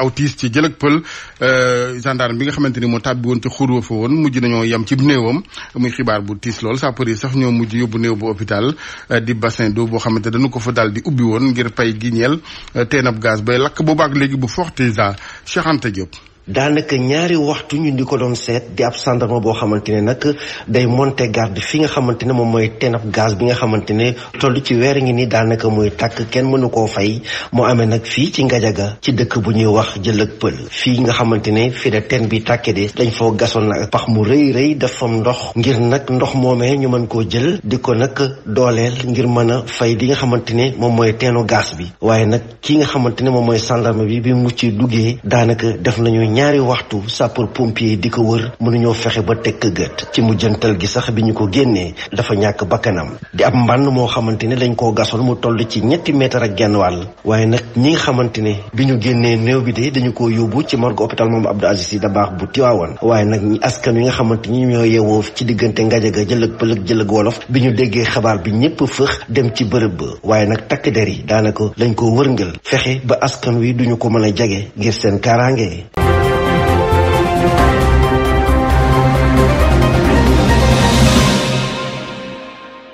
aw tiis ci jëlëg pël euh, gendarme bi nga xamante ni moo tàbbi woon ci xurwa fa woon mujj nañoo yem ci néewam muy xibaar bu tiis lool sapeur yi sax ñoo mujj yóbbu néew bu hôpital euh, di bassin d'eau boo xamante dañu ko fa daal di ubbi woon ngir pay gi ñeel euh, teen ab gaz bay lakk boobaak léegi bu fortisa Cheikh Anta Diop daanaka ñaari waxtu ñu di ko doon seet di ab sandarma boo xamante ne nag day monter garde fi nga xamante ne moom mooy tenab gaz bi nga xamante ne toll ci weer ngi ni daanaka muy tàkk kenn mënu koo fay moo amee nag fii ci Ngajaga ci dëkk bu ñuy wax jëlëg pël fii nga xamante ne fi da teen bi tàkke de dañ foo gasoon nag pax mu rëy rëy dafam ndox ngir nag ndox moomee ñu mën koo jël di ko nag dooleel ngir mën a fay li nga xamante ne moom mooy teenu gaz bi waaye nag kii nga xamante ne moom mooy sandarma bi bi mu ci duggee daanaka def nañu ñaari waxtu sapeur pompier di ko wër mënuñoo fexe ba teg gët ci mujjantal gi sax bi ñu ko génnee dafa ñàkk bakkanam di ab mbànd moo xamante ne dañ koo gasoon mu toll ci ñetti mètre ak genn wàll waaye nag ñi nga xamante ne bi ñu génnee néew bi de dañu ko yóbbu ci morgue hôpital moom Abdou Aziz Sy Dabakh bu Tiwaawan nag ñi askan wi nga xamante ni ñoo yeewoo ci diggante ngajaga jëlëg pëlëg jëlëg wolof bi ñu déggee xabaar bi ñëpp fëx dem ci bërëb ba waaye nag takk der yi daanaka lañ ko wërngal fexe ba askan wi duñu ko mën a jage ngir seen kaaraange